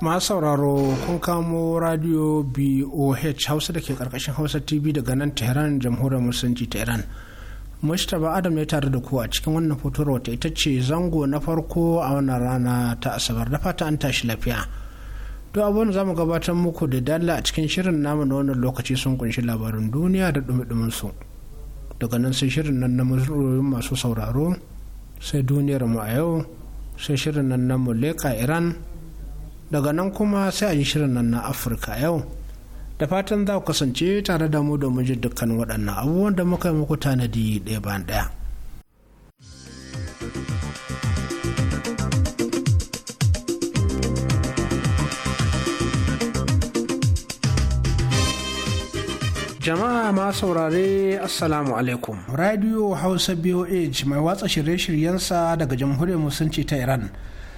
masu sauraro kun kamo radio boh hausa da ke karkashin hausa tv daga nan tehran jamhuriyar musulunci ta iran mustapha adam ya tare da ku a cikin wannan fotowar wata ita ce zango na farko a wannan rana ta asabar da fata an tashi lafiya to abuwan za mu gabatar muku da dalla a cikin shirin namu na wannan lokaci sun kunshi labarin duniya da dumi su daga nan sai shirin nan na masu sauraro sai duniyar mu a yau sai shirin nan na muleka iran daga nan kuma sai a yi shirin nan na afirka yau da fatan za ku kasance tare da mu domin jin dukkan waɗannan abubuwan da muka yi muku tanadi ɗaya bayan ɗaya jama'a ma saurare assalamu alaikum radio hausa boh mai watsa shirye-shiryensa daga jamhuriyar musulunci ta iran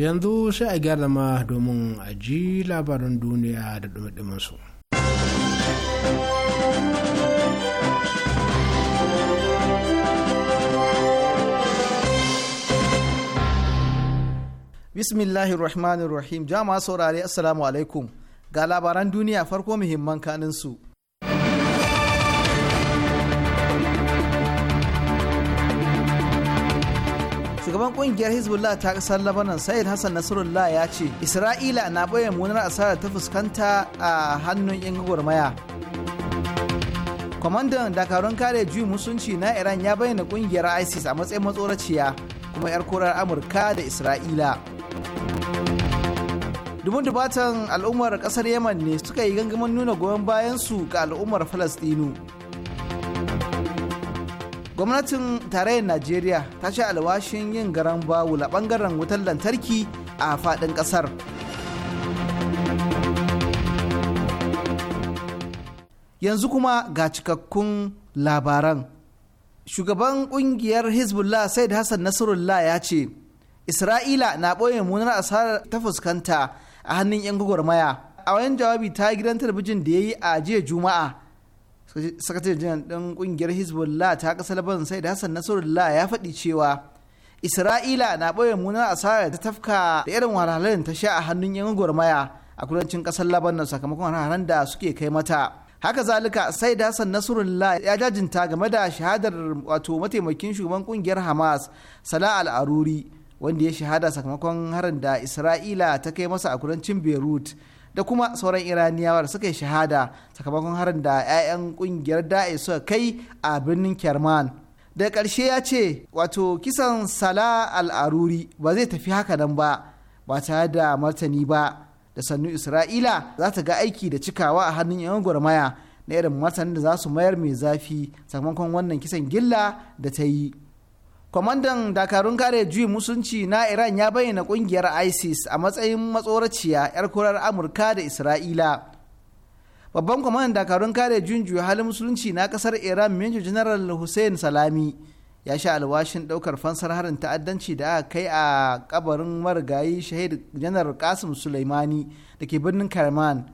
yanzu sai a gyara ma domin a ji labaran duniya da dumi-duminsu. bismillahir rahmanir rahim jama'a saurare assalamu alaikum ga labaran duniya farko muhimman kaninsu shugaban kungiyar hezbollah ta kasar labanan sayid hassan nasrullah ya ce isra'ila na bayan munar asarar ta fuskanta a hannun yan gwagwarmaya kwamandan dakarun kare juyin musunci na iran ya bayyana kungiyar isis a matsayin matsoraciya kuma yar korar amurka da isra'ila dubun dubatan al'ummar kasar yaman ne suka yi gangaman nuna goyon bayan su ga al'ummar falastinu gwamnatin tarayyar najeriya ta sha alwashin yin garan bawul a bangaren wutar lantarki a faɗin ƙasar yanzu kuma ga cikakkun labaran shugaban ƙungiyar hezbollah said hassan nasarullah ya ce isra'ila na ɓoye munar asarar ta fuskanta a hannun 'yan gwagwarmaya a wayan jawabi ta gidan talabijin da ya yi a jiya juma'a sakatare jiran kungiyar ƙungiyar hezbollah ta kasa labarin sai da hassan nasarullah ya faɗi cewa isra'ila na ɓoye munar asara ta tafka da irin wahalhalun ta sha a hannun yan gwarmaya a kudancin ƙasar labarin sakamakon hararen da suke kai mata haka zalika sai da hassan nasarullah ya jajinta game da shahadar wato mataimakin shugaban kungiyar hamas salah al'aruri wanda ya shahada sakamakon harin da isra'ila ta kai masa a kudancin beirut da kuma sauran iraniyawa da suka yi shahada sakamakon harin da 'ya'yan kungiyar da'e suka kai a birnin kerman da ƙarshe ya ce wato kisan sala al'aruri ba zai tafi haka nan ba ba tare da martani ba da sannu isra'ila za ta ga aiki da cikawa a hannun 'yan gwarmaya na irin martanin da za su mayar mai zafi sakamakon wannan kisan gilla da ta yi kwamandan dakarun kare juyi musunci na iran ya bayyana kungiyar isis a matsayin matsoraciya 'yar kurar amurka da isra'ila babban kwamandan dakarun kare juyin juya halin musulunci na kasar iran major general hussein salami ya sha alwashin daukar fansar harin ta'addanci da aka kai a kabarin marigayi shahid janar kasim suleimani da ke birnin karman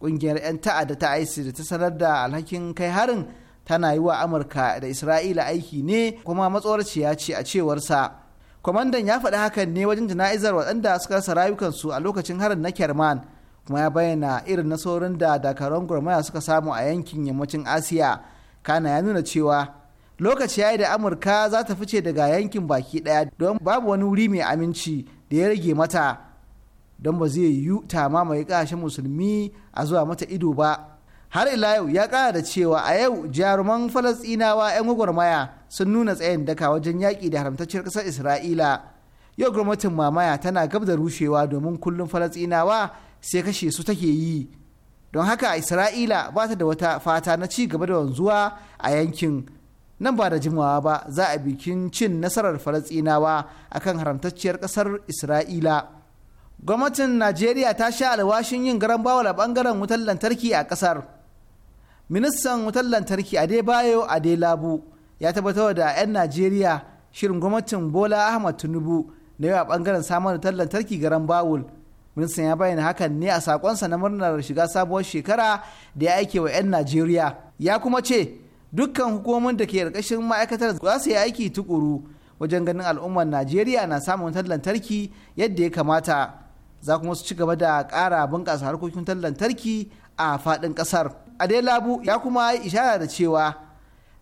kungiyar 'yan ta'adda ta isis da ta sanar da alhakin kai harin tana yi wa amurka da isra'ila aiki ne kuma matsorciya ce a cewarsa kwamandan ya faɗi hakan ne wajen jana'izar waɗanda suka rasa rayukansu a lokacin harin na kerman kuma ya bayyana irin nasorin da dakarun gwarmaya suka samu a yankin yammacin asiya kana ya nuna cewa lokaci ya yi da amurka za ta fice daga yankin baki ɗaya don babu wani wuri mai aminci da ya rage mata don ba zai yiwu ta mamaye ƙasashen musulmi a zuwa mata ido ba har ila yau ya kara da cewa a yau jaruman falasɗinawa 'yan gwagwarmaya sun nuna tsayin daka wajen yaƙi da haramtacciyar ƙasar isra'ila yau gwamnatin mamaya tana gab da rushewa domin kullum falasɗinawa sai kashe su take yi don haka isra'ila ba ta da wata fata na ci gaba da wanzuwa a yankin nan ba da jimawa ba za a bikin cin nasarar falasɗinawa akan haramtacciyar ƙasar isra'ila gwamnatin najeriya ta sha alwashin yin garan a bangaren wutar lantarki a ƙasar ministan wutar lantarki adebayo adelabu ya tabbatar da 'yan najeriya shirin gwamnatin bola ahmad tinubu na yau a bangaren samar wutar lantarki garan bawul ministan ya bayyana hakan ne a sakonsa na murnar shiga sabuwar shekara da ya aike wa 'yan najeriya ya kuma ce dukkan hukumomin da ke ƙarƙashin ma'aikatar za su yi aiki tukuru wajen ganin al'ummar najeriya na samun wutar lantarki yadda ya kamata za kuma su ci gaba da ƙara bunƙasa harkokin wutar lantarki a faɗin ƙasar adelabu ya kuma yi ishara da cewa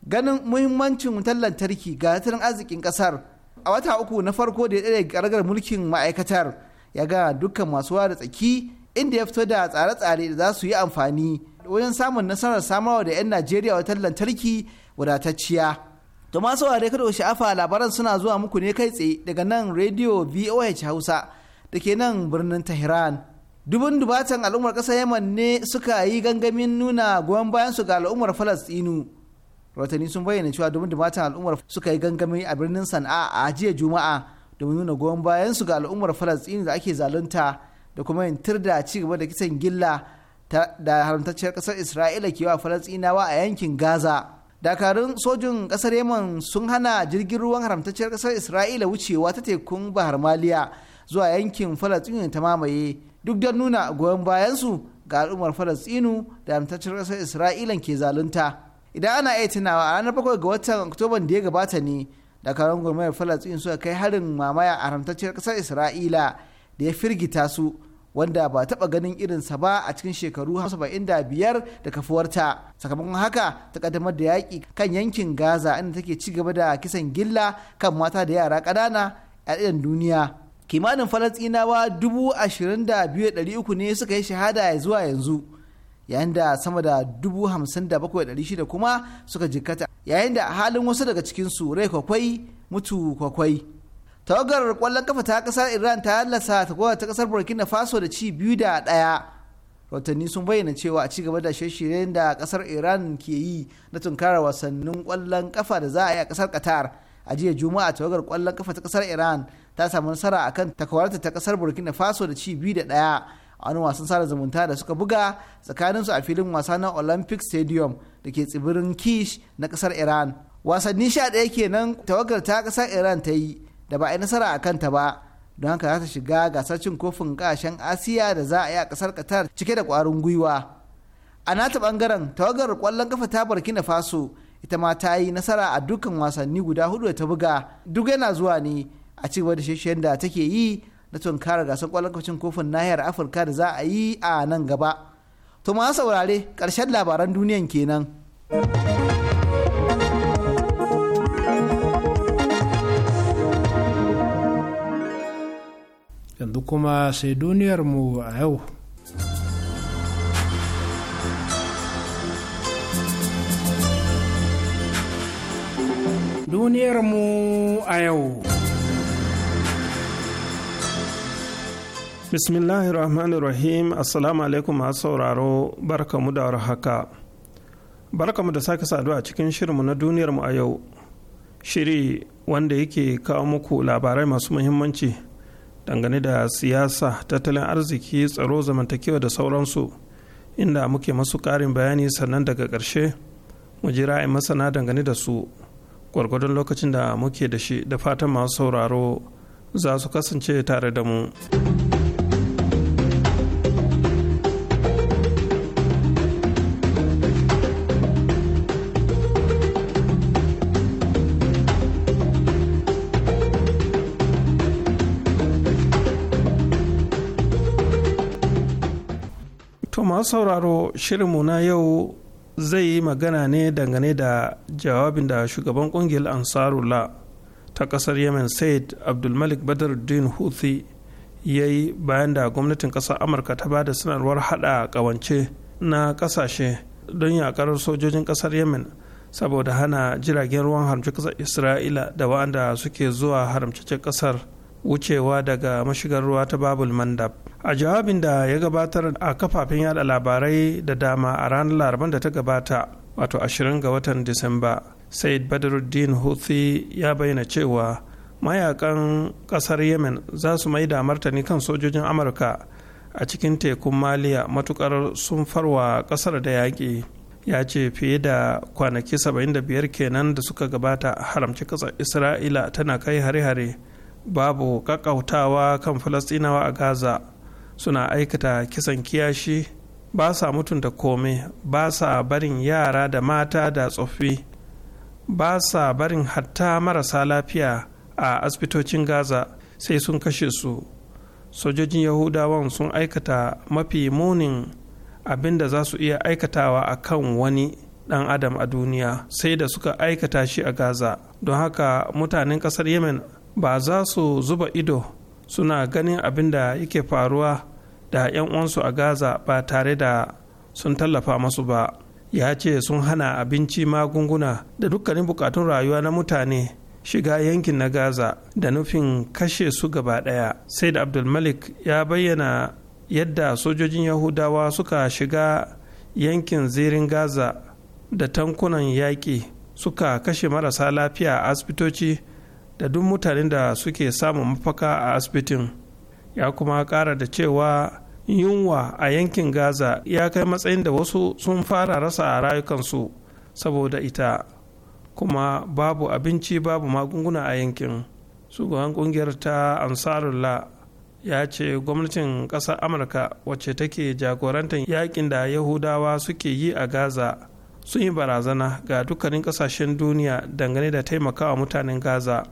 ganin muhimmancin wutar lantarki ga tattalin arzikin kasar a wata uku na farko da ya ɗaya gargar mulkin ma'aikatar ya ga dukkan masu da tsaki inda ya fito da tsare-tsare da za su yi amfani wajen samun nasarar samarwa da 'yan najeriya wutar lantarki wadatacciya to masu ware kada sha'afa labaran suna zuwa muku ne kai tsaye daga nan radio voh hausa da ke nan birnin tehran dubin dubatan al'ummar ƙasar yaman ne suka yi gangamin nuna goyon bayan su ga al'ummar falastinu rahotanni sun bayyana cewa dubin dubatan al'ummar suka yi gangami a birnin sana'a a jiya juma'a domin nuna goyon bayan su ga al'ummar falastinu da ake zalunta da kuma yin da ci gaba da kisan gilla da haramtacciyar kasar isra'ila ke wa falastinawa a yankin gaza dakarun sojin kasar yaman sun hana jirgin ruwan haramtacciyar kasar isra'ila wucewa ta tekun bahar maliya zuwa yankin falastinu ta mamaye duk don nuna goyon bayansu ga al'ummar falastinu da amtaccen ƙasar isra'ila ke zalunta idan ana iya tunawa a ranar bakwai ga watan oktoban da ya gabata ne dakarun gwamnatin falastin suka kai harin mamaya a haramtacciyar ƙasar isra'ila da ya firgita su wanda ba taɓa ganin irin sa ba a cikin shekaru 75 da kafuwarta sakamakon haka ta ƙaddamar da yaƙi kan yankin gaza inda take ci gaba da kisan gilla kan mata da yara ƙanana a duniya kimanin falasɗinawa 22,300 ne suka yi shahada zuwa yanzu yayin da sama da 57,600 kuma suka jikkata yayin da a halin wasu daga cikinsu rai kwakwai mutu kwakwai tawagar kwallon kafa ta kasar iran ta hallasa ta ta kasar burkina faso da ci biyu da ɗaya rahotanni sun bayyana cewa a ci gaba da shirye-shiryen da kasar iran ke yi na tunkarar wasannin kwallon kafa da za a yi a kasar qatar a jiya juma'a tawagar kwallon kafa ta kasar iran ta samu nasara akan takawarta ta kasar burkina faso da ci biyu da daya a wani wasan sada zumunta da suka buga tsakaninsu a filin wasa na olympic stadium da ke tsibirin kish na kasar iran wasanni sha daya kenan tawagar ta kasar iran ta yi da ba a yi nasara a kanta ba don haka za ta shiga gasar cin kofin kashen asiya da za a yi a kasar qatar cike da kwarin gwiwa a nata bangaren tawagar kwallon kafa ta burkina faso ita ma ta yi nasara a dukkan wasanni guda hudu da ta buga duk yana zuwa ne a cigaba da shishiyar da take yi na tunkarar gasar kwallon kofin nahiyar afirka da za a yi a nan gaba to ma saurare karshen labaran duniyan kenan. yanzu kuma sai duniyar mu a yau duniyarmu a yau. Bismillahir Rahmanir Rahim Assalamu alaikum masu sauraro barkamu da warhaka. Barkamu da sake saduwa a cikin shirinmu na mu a yau. Shiri wanda yake kawo muku labarai masu muhimmanci dangane da siyasa, tattalin arziki, tsaro, zamantakewa da sauransu. Inda muke masu karin bayani sannan daga ƙarshe mu ji ra'ayin masana dangane da su. gwargwadon lokacin da muke da shi da fatan masu sauraro za su kasance tare da mu. To masu sauraro shirinmu na yau zai yi magana ne dangane da jawabin da shugaban kungiyar ansarula ta kasar yemen said abdulmalik din houthi ya yi bayan da gwamnatin kasar amurka ta bada sanarwar hada kawance na kasashe don yakar sojojin kasar yemen saboda hana jiragen ruwan haramci kasar isra'ila da wa'anda suke zuwa haramcicin kasar wucewa daga mashigar ruwa ta babul mandab a jawabin da ya gabatar a kafafen yada labarai da dama a ranar laraban da ta gabata wato 20 ga watan disamba said badruddin houthi ya bayyana cewa mayakan kasar yemen za su mai da martani kan sojojin amurka a cikin tekun maliya matukar sun farwa kasar da yaƙi ya ce fiye da kwanaki 75 kenan da suka gabata haramci kasar isra'ila tana kai hare-hare babu kakautawa kan falasinawa a gaza suna aikata kisan kiyashi ba sa mutunta komai ba sa barin yara da mata da tsoffi ba sa barin hatta marasa lafiya a asibitocin gaza sai sun kashe su sojojin yahudawan sun aikata mafi munin abin da za su iya aikatawa a kan wani dan adam a duniya sai da suka aikata shi a gaza don haka mutanen kasar yemen ba za su zuba ido suna ganin abin da yake faruwa da 'yan uwansu a gaza ba tare da sun tallafa masu ba ya ce sun hana abinci magunguna da dukkanin bukatun rayuwa na mutane shiga yankin na gaza da nufin kashe su gaba daya sai da abdulmalik ya bayyana yadda sojojin yahudawa suka shiga yankin zirin gaza da tankunan yaƙi suka kashe marasa lafiya a asibitoci da duk mutanen da suke samun mafaka a asibitin ya kuma ƙara da cewa yunwa a yankin gaza ya kai matsayin da wasu sun fara rasa rayukansu saboda ita kuma babu abinci babu magunguna a yankin shugaban kungiyar ta ansarullah ya ce gwamnatin ƙasar amurka wacce take jagorantar yakin da yahudawa suke yi a gaza sun yi barazana ga dukkanin kasashen duniya dangane da taimakawa mutanen gaza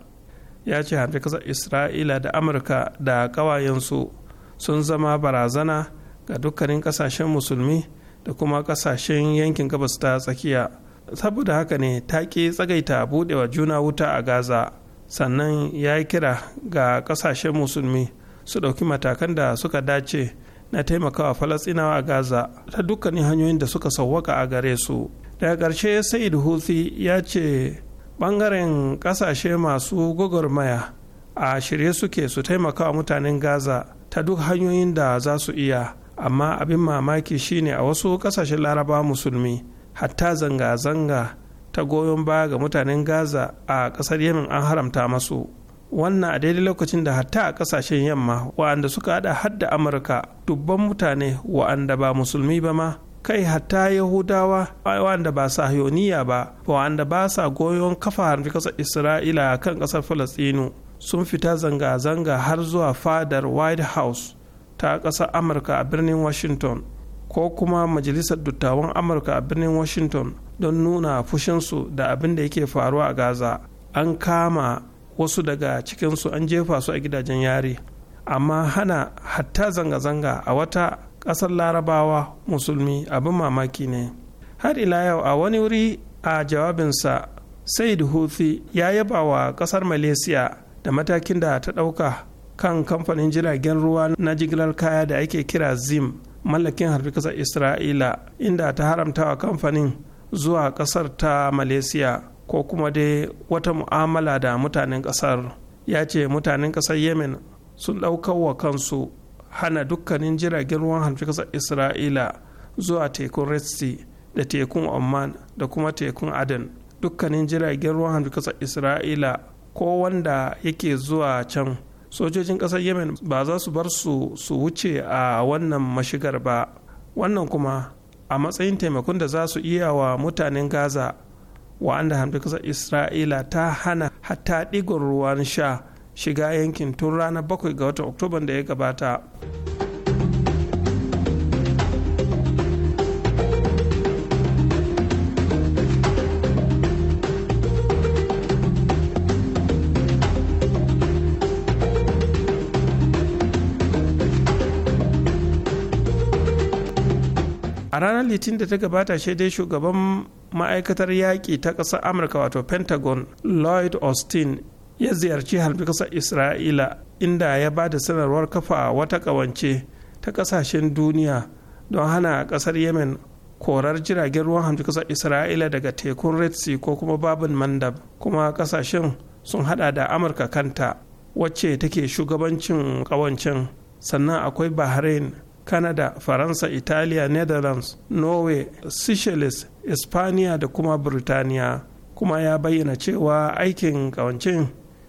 ya ce hamfi ƙasar isra'ila da amurka da ƙawayensu sun zama barazana ga dukkanin kasashen musulmi da kuma kasashen yankin gabas ta tsakiya saboda haka ne ta ƙi tsagaita buɗewa juna wuta a gaza sannan ya kira ga kasashen musulmi su ɗauki matakan da suka dace na taimakawa falasinawa a gaza ta dukkanin hanyoyin da suka sauwaka a gare su daga ƙarshe said huthi ya ce ɓangaren ƙasashe masu gwagwarmaya a shirye suke su taimakawa mutanen gaza ta duk hanyoyin da za su iya amma abin mamaki shine a wasu kasashen laraba musulmi hatta zanga-zanga ta goyon baya ga mutanen gaza a kasar yamin an haramta masu wannan a daidai lokacin da hatta a kasashen yamma wa'anda suka haɗa hadda amurka dubban mutane wa'anda ba musulmi ba ma kai hatta yahudawa wa'anda ba sahiyoniya ba wa'anda ba sa goyon kafa harfi kasar isra'ila kan kasar falastinu sun fita zanga-zanga har zuwa fadar white house ta ƙasar amurka a birnin washington ko kuma majalisar dattawan amurka a birnin washington don nuna fushinsu da abin da yake faruwa a gaza an kama wasu daga cikinsu an jefa su a gidajen yari amma hana hatta zanga-zanga a wata ƙasar larabawa musulmi abin mamaki ne har ila yau a wani wuri a jawabinsa said huthi ya yaba wa ƙasar malaysia da matakin da ta ɗauka kan kamfanin jiragen ruwa na jigilar kaya da ake kira zim mallakin harfi ƙasar isra'ila inda ta haramta wa kamfanin zuwa ƙasar ta malaysia ko kuma dai wata mu'amala da mutanen ƙasar ya ce mutanen ƙasar yemen sun ɗaukar wa kansu hana dukkanin jiragen ruwan harfi ƙasar isra'ila zuwa tekun resti da tekun oman da kuma tekun aden dukkanin jiragen ruwan harfi ƙasar isra'ila ko wanda yake zuwa can sojojin kasar yemen ba za su bar su su wuce a wannan mashigar ba wannan kuma a matsayin taimakon da za su iya wa mutanen gaza wa'anda hamdi kasar isra'ila ta hana hatta ɗigon ruwan sha shiga yankin tun ranar 7 ga watan oktoba da ya gabata. a ranar litin da ta gabata shi dai shugaban ma'aikatar yaƙi ta ƙasar amurka wato pentagon lloyd austin ya ziyarci halbi ƙasar isra'ila inda ya ba da sanarwar kafa wata ƙawance ta ƙasashen duniya don hana ƙasar yemen korar jiragen ruwan hamji ƙasar isra'ila daga tekun red sea ko kuma babin mandab kuma ƙasashen sun hada da amurka kanta wacce take shugabancin ƙawancen sannan akwai bahrain canada faransa italiya netherlands norway seychelles espaniya da kuma burtaniya kuma ya bayyana cewa aikin kawancin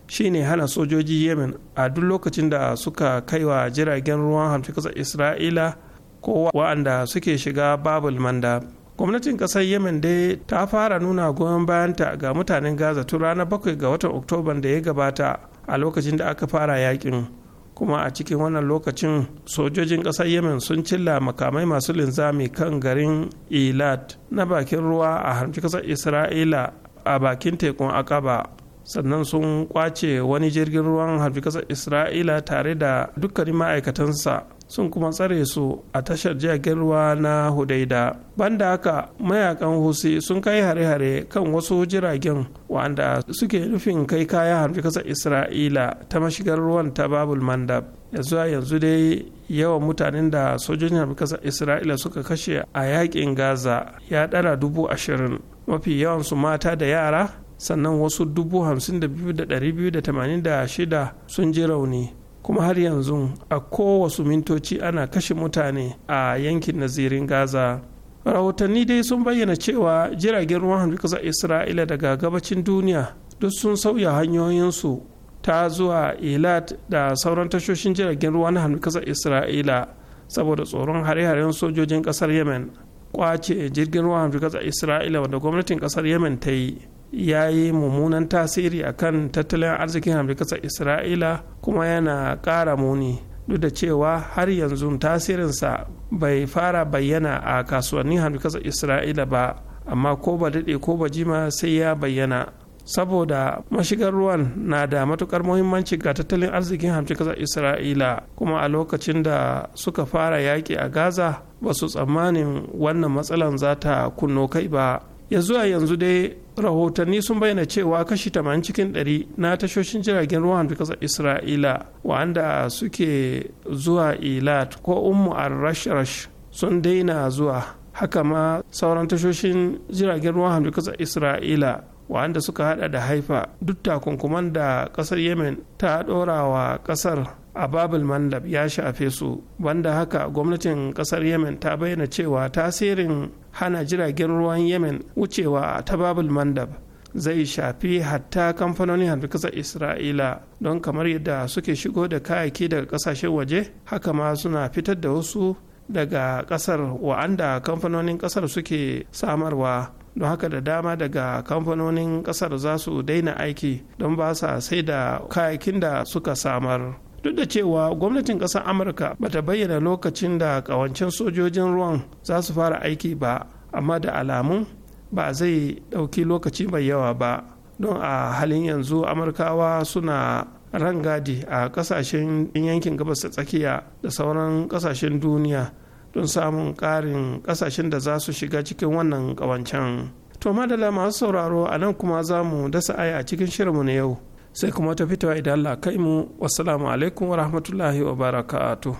shine hana sojoji yemen a duk lokacin da suka kaiwa jiragen ruwan hamsin kasar isra'ila ko wa'anda suke shiga babul manda gwamnatin kasar yemen dai ta fara nuna goyon bayanta ga mutanen gaza tun ranar bakwai ga watan oktoban da ya gabata a lokacin da aka fara yakin kuma a cikin wannan lokacin sojojin ƙasar yemen sun cilla makamai masu linzami kan garin ilat na bakin ruwa a harci ƙasar isra'ila a bakin tekun akaba sannan sun kwace wani jirgin ruwan harfi ƙasar isra'ila tare da dukkanin ma'aikatansa sun kuma tsare su a tashar jiragen ruwa na hudaida banda haka mayakan husi sun kai hare-hare kan wasu jiragen wanda suke nufin kai kaya harfi kasar isra'ila ta mashigar ruwan ta babul mandab yanzu a yanzu dai yawan mutanen da sojojin harfi kasar isra'ila suka kashe a yakin gaza ya ɗara dubu ashirin mafi yawansu mata da yara sannan wasu dubu hamsin da biyu da ɗari biyu da tamanin da shida sun ji rauni kuma har yanzu a kowasu mintoci ana kashe mutane a yankin nazirin gaza rahotanni dai sun bayyana cewa jiragen ruwan hamdu kasar isra'ila daga gabacin duniya duk sun sauya hanyoyinsu ta zuwa ilat da sauran tashoshin jiragen ruwa na kasar isra'ila saboda tsoron hare-haren sojojin kasar yemen kwace jirgin ruwan kasar isra'ila wanda gwamnatin kasar yemen ta yi ya yi mummunan tasiri a kan tattalin arzikin amurkasar isra'ila kuma yana ƙara muni duk da cewa har yanzu tasirinsa bai fara bayyana a kasuwannin hamdukasar isra'ila ba amma ko ba daɗe ko ba jima sai ya bayyana saboda mashigar ruwan na da matukar muhimmanci ga tattalin arzikin hamdukasar isra'ila kuma a lokacin da suka fara yaƙi a gaza ba su tsammanin wannan matsalan za ta kunno kai ba ya zuwa yanzu dai rahotanni sun bayyana cewa kashi 80 cikin 100 na tashoshin jiragen ruwan kasar isra'ila wanda suke zuwa ilat ko ummu rash sun daina zuwa haka ma sauran tashoshin jiragen ruwan kasar isra'ila wanda suka hada da haifa duk takunkuman da kasar yemen ta dora wa kasar a babul mandab ya shafe su banda haka gwamnatin kasar yemen ta bayyana cewa tasirin hana jiragen ruwan yemen wucewa ta babul mandab zai shafi hatta kamfanonin hannu kasar isra'ila don kamar yadda suke shigo da kayayyaki daga kasashen waje haka ma suna fitar da wasu daga kasar wa'anda kamfanonin kasar suke samarwa don haka da dama daga kamfanonin kasar za su daina aiki don ba sa sai da kayakin da suka samar duk da cewa gwamnatin kasar amurka bata bayyana lokacin da kawancin sojojin ruwan za su fara aiki ba amma da alamun ba zai ɗauki lokaci mai yawa ba don a halin yanzu amurkawa suna rangadi a kasashen yankin gabas ta tsakiya da sauran kasashen duniya don samun ƙarin ƙasashen da za su shiga cikin wannan ƙawancen. To madala masu sauraro a nan kuma za mu dasa aya a cikin shirinmu na yau. Sai kuma ta fitowa idan Allah kai mu. Wassalamu alaikum wa rahmatullahi wa barakatuh.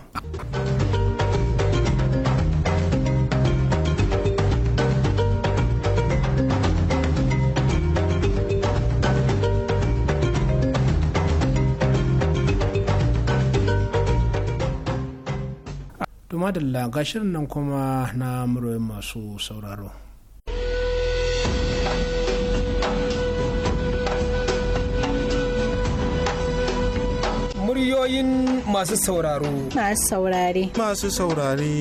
madalla gashirin nan kuma na muryoyin masu sauraro. Muryoyin masu sauraro. Masu saurare. Masu saurare.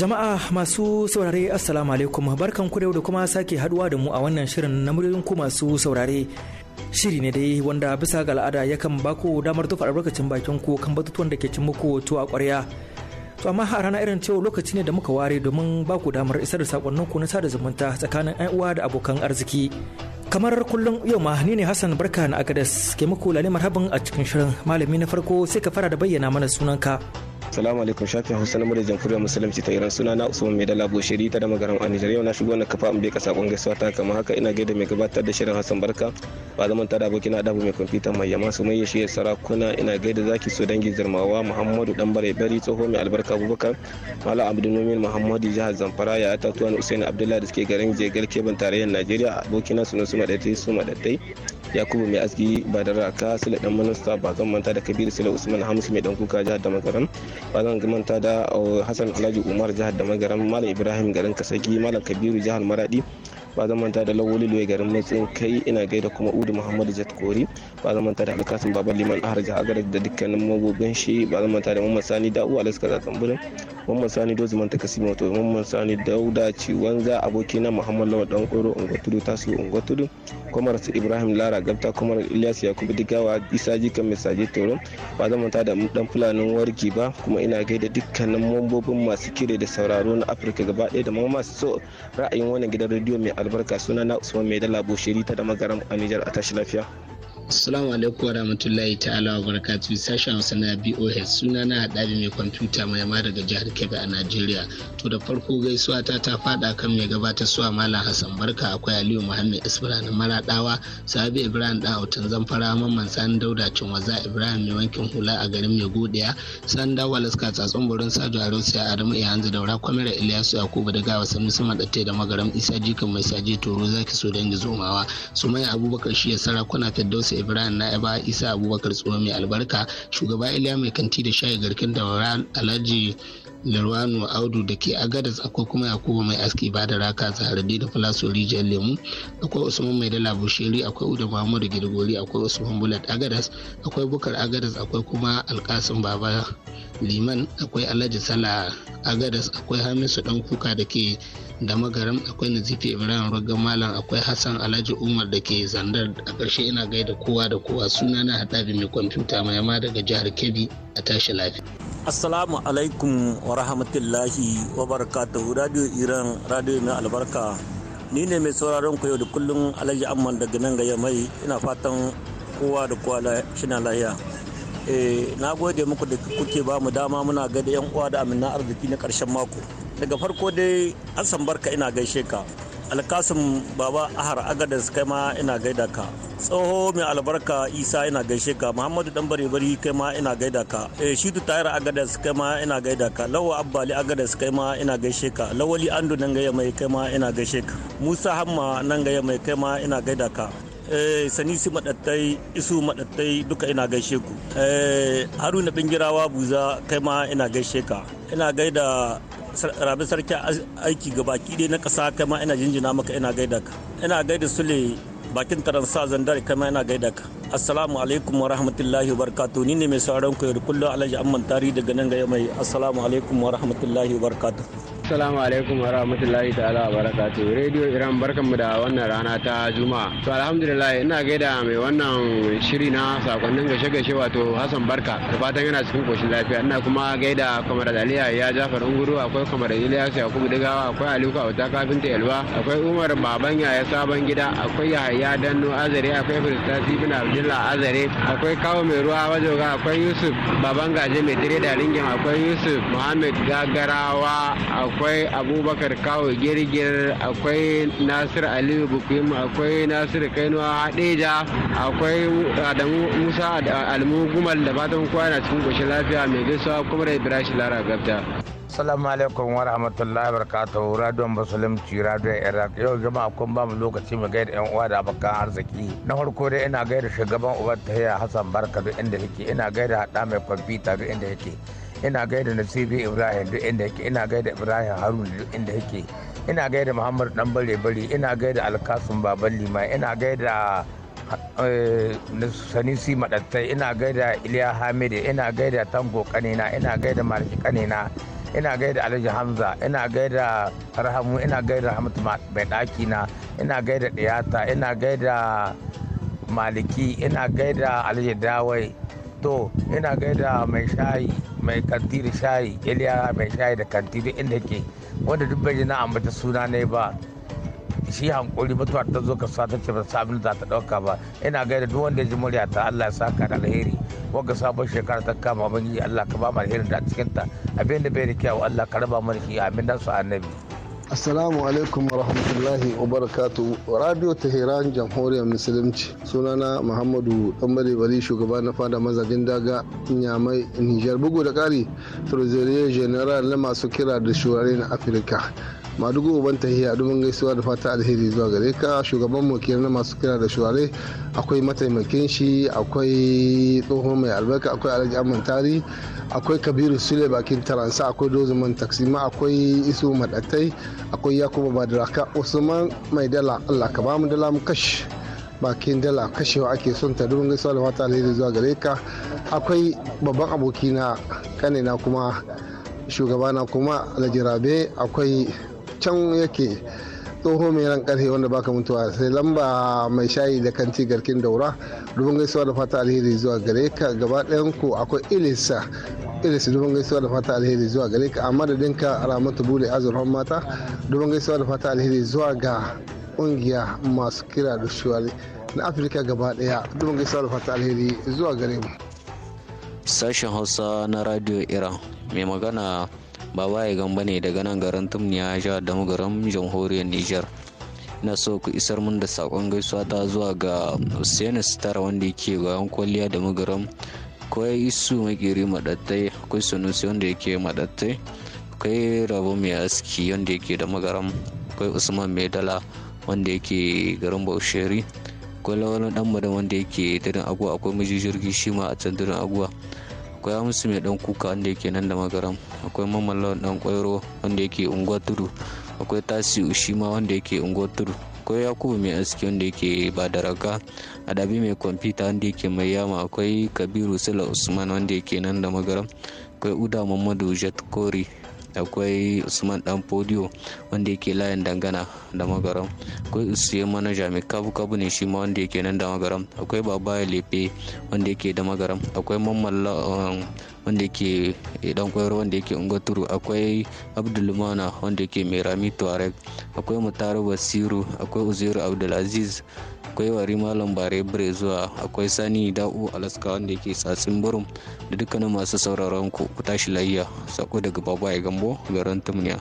Jama'a masu saurare Assalamu alaikum barkan ku da kuma sake haduwa da mu a wannan shirin na muryoyin ku masu saurare. shiri ne dai wanda bisa ga al'ada yakan baku damar tufa albarkacin bakin ku kan batutuwan da ke cin muku tuwa ƙwarya To amma a rana irin cewa lokaci ne da muka ware domin ba ku damar isar da ku na sada zumunta tsakanin 'yan uwa da abokan arziki. Kamar kullum yau ma ni ne Hassan Barka na Agadas ke muku lalle marhaban a cikin shirin malami na farko sai ka fara da bayyana mana sunanka. Assalamu alaikum shafi Hausa na muryar Jamhuriyar Musulunci ta Iran suna na Usman Maidala Bosheri ta da magaram a Nijar yau na shigo na kafa in bai kasa kun gaisuwa ta kama haka ina gaida mai gabatar da shirin Hassan Barka ba zaman ta da abokin adabu mai kwamfuta mai yama su mai yashi sarakuna ina gaida zaki so dangi zirmawa Muhammadu dan bare bari tsoho mai albarka Abubakar Mala Abdulmumin Muhammadu jihar Zamfara ya ta tuwan Usaini Abdullahi da suke garin Jegal Keban tarayyar Najeriya abokina su su madatai su yakubu mai aski ba da raka sule dan manasta ba zan manta da kabiru sila usman hamisu mai dan kuka jihar da magaran ba zan manta da uh, hassan alhaji umar jihar da magaran malam ibrahim garin kasagi malam kabiru jihar maradi ba zan manta da lawoli loye garin matsayin kai ina gaida kuma udu muhammadu jet kori ba zan manta da alkasin baban liman ahar jihar da dukkanin magogin shi ba zan manta da mamman sani da'u laskar a birin mamman sani dozu manta kasi mato mamman sani dauda wanza aboki na muhammad lawa dan koro ungwatudu tasu ungwatudu kwamar su ibrahim lara gabta kwamar ilyas yakubu digawa isa jikan misaje toro ba zan manta da dan fulanin warki ba kuma ina gaida dukkanin mambobin masu kire da sauraro na afirka gaba ɗaya da mamman masu so ra'ayin wannan gidan rediyo mai albarka suna na usman mai dala ta da magaram a nijar a tashi lafiya Assalamu alaikum wa rahmatullahi ta'ala wa barakatu sashen Hausa na BOH suna na haɗari mai kwamfuta mai ma daga jihar Kebbi a Najeriya. To da farko gaisuwa ta ta faɗa kan mai gabata suwa Malam Hassan Barka akwai Aliyu Muhammad Isbra na Maraɗawa, Sabi Ibrahim Ɗa'autan Zamfara Mamman Sani Dauda Cinwaza Ibrahim mai wankin hula a garin Mai Godiya, Sani Dawa Laska Tsatsun Burin Sajo Arusiya Adamu Iyanzu Daura Kwamira Ilyasu Yakubu da Gawa sani sama Ɗatte da Magaram Isa Jikan Mai Saje Toro Zaki Sodan Gizomawa, Sumaya Abubakar Shiya Sarakuna Fiddausi Ibrahim Na'iba Isa Abubakar Tsohon mai albarka shugaba Iliya mai kanti da shayi garkin da Alhaji Lirwanu Audu da ke Agadas akwai kuma Yakubu mai aski ba da raka zahararri da Falaso Rijiyar Lemu akwai Usman mai dala Bushiri akwai Uda Muhammadu gidigori akwai Usman Bulat Agadas akwai Bukar Agadas akwai kuma Alkasim Baba Liman akwai Alhaji Sala Agadas akwai Hamisu Dan Kuka da ke da magaram akwai nazifi ibrahim ragar malam akwai hassan alhaji umar da ke zandar a ƙarshe ina gaida kowa da kowa suna na da mai kwamfuta mai ma daga jihar kebbi a tashi lafiya assalamu alaikum wa rahmatullahi wa radiyo radio iran radio na albarka ni ne mai sauraron ku yau da kullum alhaji amman daga nan gaya mai ina fatan kowa da kowa shina lahiya eh, na gode muku da kuke ba mu dama muna gada yan uwa da amina arziki na karshen mako daga farko dai asan barka ina gaishe ka alkasim baba ahar agadas kai ma ina gaida ka tsoho mai albarka isa ina gaishe ka muhammadu dan bari kai ma ina gaida ka e, shitu tayar agadas kai ma ina gaida ka lawa abbali agadas kai ma ina gaishe ka lawali andu nan gaya mai kai ma ina gaishe ka musa hamma nan gaya mai kai ma ina gaida ka eh, sanisi madattai isu madattai duka ina gaishe ku eh, haruna bingirawa buza kai ma ina gaishe ka ina gaida rabi sarki aiki ga baki dai na kasa kai ma ina jinjina maka ina gaida ka ina gaida sule bakin taron sa zandar kai ma ina gaida ka assalamu alaikum wa rahmatullahi wa barakatuh ni ne mai sauraron ku yau kullum alhaji amman tari daga nan ga mai assalamu alaikum wa rahmatullahi wa barakatuh Assalamu alaikum wa rahmatullahi ta'ala wa barakatu. Radio Iran barkanmu da wannan rana ta Juma'a. To alhamdulillah ina gaida mai wannan shiri na sakonnin gashe gashe wato Hassan Barka. Da fatan yana cikin koshin lafiya. Ina kuma gaida Kamar Aliya ya Jafar Unguru akwai Kamar Ilyas Yakubu Digawa akwai Aliko Auta Kafinta Yalwa akwai Umar Baban ya Sabon Gida akwai Yahaya Danno Azare akwai Firistasi bin Abdullah Azare akwai Kawo Mai Ruwa Wajoga akwai Yusuf Baban Gaje Mai dire da Ringin akwai Yusuf Muhammad Gagarawa akwai abubakar kawo girgir akwai nasir aliyu bukuyimu akwai nasir kainuwa hadeja akwai adamu musa almu gumal da fatan kowa na cikin koshin lafiya mai gaisuwa kuma da ibrahim lara gabta Assalamu alaikum wa rahmatullahi wa barakatuhu Radio Musulunci Radio Iraq yau jama'a kun ba mu lokaci mu gaida yan uwa da abokan arziki na farko dai ina gaida shugaban ubar tahiya Hassan Barka duk inda yake ina gaida hada mai kwamfuta duk inda yake ina gaida nasibi ibrahim duk inda yake ina gaida ibrahim haruna duk inda yake ina gaida muhammad dan bare bare ina gaida alkasun baban lima ina gaida sanisi madattai ina gaida iliya hamidi ina gaida tango kanina ina gaida marki kanina ina gaida alhaji hamza ina gaida rahamu ina gaida rahmatu mai daki na ina gaida diyata ina gaida maliki ina gaida alhaji dawai to ina gaida mai shayi mai kantiri shayi iliya mai shayi da kantiri inda ke wanda duk bai na ambata suna ne ba shi hankuri mutuwa ta zo ka ta ce ba sa abin za ta dauka ba ina gaida duk wanda ji murya ta Allah ya saka da alheri wanda sabon shekara ta kama mun yi Allah ka ba mu alheri da cikin ta abin da bai da kyau Allah ka raba mu da shi amin su annabi Assalamu alaikum wa barakatu. Radio Tehran Jamhuriyar Musulunci. Sunana Muhammadu Ɗanbare Bari shugaba na fada mazajin daga Nyamai Nijar bugu da kari Trezorier General na masu kira da shurare na Afirka. madugu uban tahiya dubin gaisuwa da fata alheri zuwa gare ka shugaban mu na masu kira da shuware akwai mataimakin shi akwai tsoho mai albarka akwai alhaji amman tari akwai kabiru sule bakin taransa akwai dozuman taksima akwai isu madatai akwai yakubu badaraka usman mai dala allah ka bamu dala mu kashi bakin dala kashewa ake son ta dubin gaisuwa da fata alheri zuwa gare ka akwai babban abokina kanina kuma shugabana kuma alhaji rabe akwai can yake tsoho mai ran karfe wanda baka mutuwa sai lamba mai shayi da kanti garkin daura dubin gaisuwa da fata alheri zuwa gare ka gaba ɗayan ku akwai ilisa ilisa dubin gaisuwa da fata alheri zuwa gare ka amma da dinka ramatu bude azurfan mata dubin gaisuwa da fata alheri zuwa ga kungiya masu kira da shuwari na afirka gaba ɗaya dubin gaisuwa da fata alheri zuwa gare mu sashen hausa na radio iran mai magana babaye gamba ne daga nan garin tumniya jihar damgaram jamhuriyar niger na so ku isar mun da sakon gaisuwa ta zuwa ga hussein star wanda yake bayan kwalliya da magaram akwai isu makiri madattai akwai sunusi wanda yake madattai akwai rabu mai aski wanda yake da magaram akwai usman mai dala wanda yake garin bausheri akwai lawanin dan madan wanda yake dirin agwa akwai miji jirgi shi ma a can dirin agwa akwai amsu mai dan kuka wanda yake nan da magaram akwai mamallon dan kwairo wanda yake unguwar tudu akwai tasi ushima wanda yake unguwar tudu akwai yakubu mai aski wanda yake ba da raka adabi mai kwamfuta wanda yake mai yama akwai kabiru sula usman wanda yake nan da magaram akwai uda mamadu jet kori akwai usman dan podio wanda yake layin dangana da magaram akwai usiye manaja mai kabu kabu ne shi ma wanda yake nan da magaram akwai baba lefe wanda yake da magaram akwai mamman wanda yake eh, dan koyar wanda yake ungaturu akwai abdulmana wanda yake merami tuareg akwai mutaru basiru akwai uzairu abdulaziz akwai wari malam bare bire zuwa akwai sani da'u alaska wanda yake satsin burum da dukkanin masu sauraron ku ku tashi layya sako daga baba ya gambo garin tumniya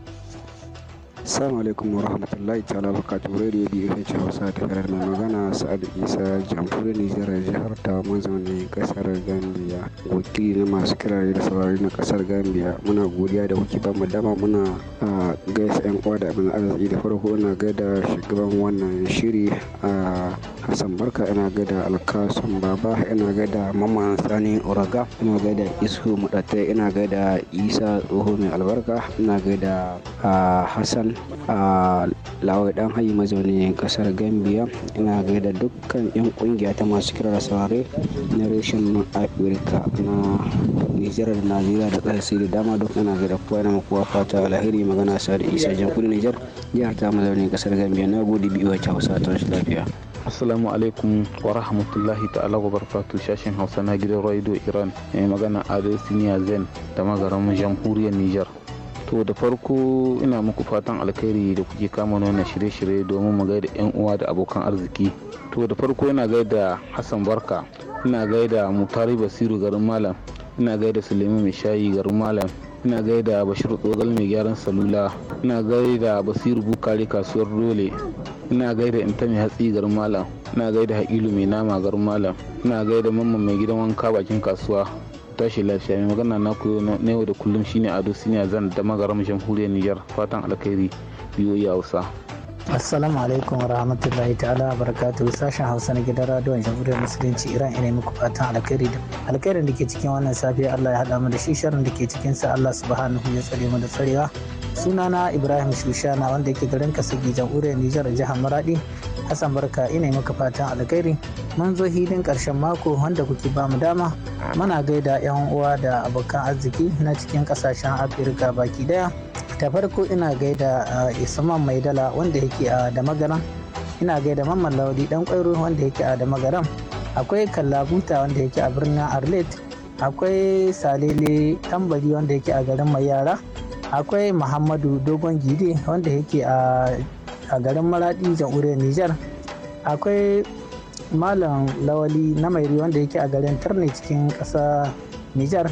Assalamu alaikum wa rahmatullahi ta'ala wa barakatuh radio BFH Hausa ta karar mai magana Sa'ad Isa jamhuriyar Nijar jihar ta mazaunin kasar Gambia wakili na masu kirare da saurari na kasar Gambia muna godiya da kuke ba mu dama muna gaisa yan uwa da abin arziki da farko ina gaida shugaban wannan shiri a Hassan Barka ina gaida Alkasun Baba ina gaida Mamman Sani Uraga ina gaida Isu Mudatai ina gaida Isa Tsoho mai albarka ina gaida Hassan a lawai dan hayi mazaunin kasar gambia ina gaida dukkan yan kungiya ta masu kirar saurare na reshen afirka na nijar da najeriya da kasar da dama duk ina gaida kowa na makuwa fata alheri magana da isa jamhuriyar nijar jihar ta mazaunin kasar gambia na gode biyu wacce hausa ta lafiya Assalamu alaikum wa rahmatullahi ta'ala wa barakatuh shashin Hausa na gidan Radio Iran mai magana Adesiniya Zen da magaramin jamhuriyar Nijar. to da farko ina muku fatan alkhairi da kuke kama na shirye-shirye domin mu gaida yan uwa da abokan arziki to da farko ina gaida hassan barka ina gaida mutari basiru garin malam ina gaida sulemi mai shayi garin malam ina gaida bashir tsogal mai gyaran salula ina gaida basiru bukari kasuwar dole ina gaida inta mai hatsi garin malam ina gaida hakilu mai nama garin malam ina gaida mamman mai gidan wanka bakin kasuwa tashi lafiya mai magana na koyo na yau da kullum shine ado siniya zan da magaram jamhuriyar niger fatan alkhairi biyoyi hausa assalamu alaikum rahmatullahi ta'ala barakatu sashen hausa na gidan radiyon jamhuriyar musulunci iran ina muku fatan alkhairi da da ke cikin wannan safiya allah ya haɗa mu da shi da ke cikin sa allah subhanahu ya tsare mu da tsarewa sunana ibrahim shushana wanda yake garin kasagi jamhuriyar nijar jihar maradi Hassan barka ina maka fatan alkhairi mun zo hidin karshen mako wanda kuke ba mu dama muna gaida yan uwa da abokan arziki na cikin kasashen Afirka baki daya ta farko ina gaida Isman eh, Maidala wanda yake a Damagaram ina gaida Mamman Laudi dan Kwairo wanda yake a Damagaram akwai Kallabuta wanda yake a birnin Arlet akwai Salele Tambari wanda yake a garin Mai akwai Muhammadu Dogon Gide wanda yake a a garin maradi jamhuriyar nijar akwai malam lawali na mairi wanda yake a garin tarni cikin ƙasa nijar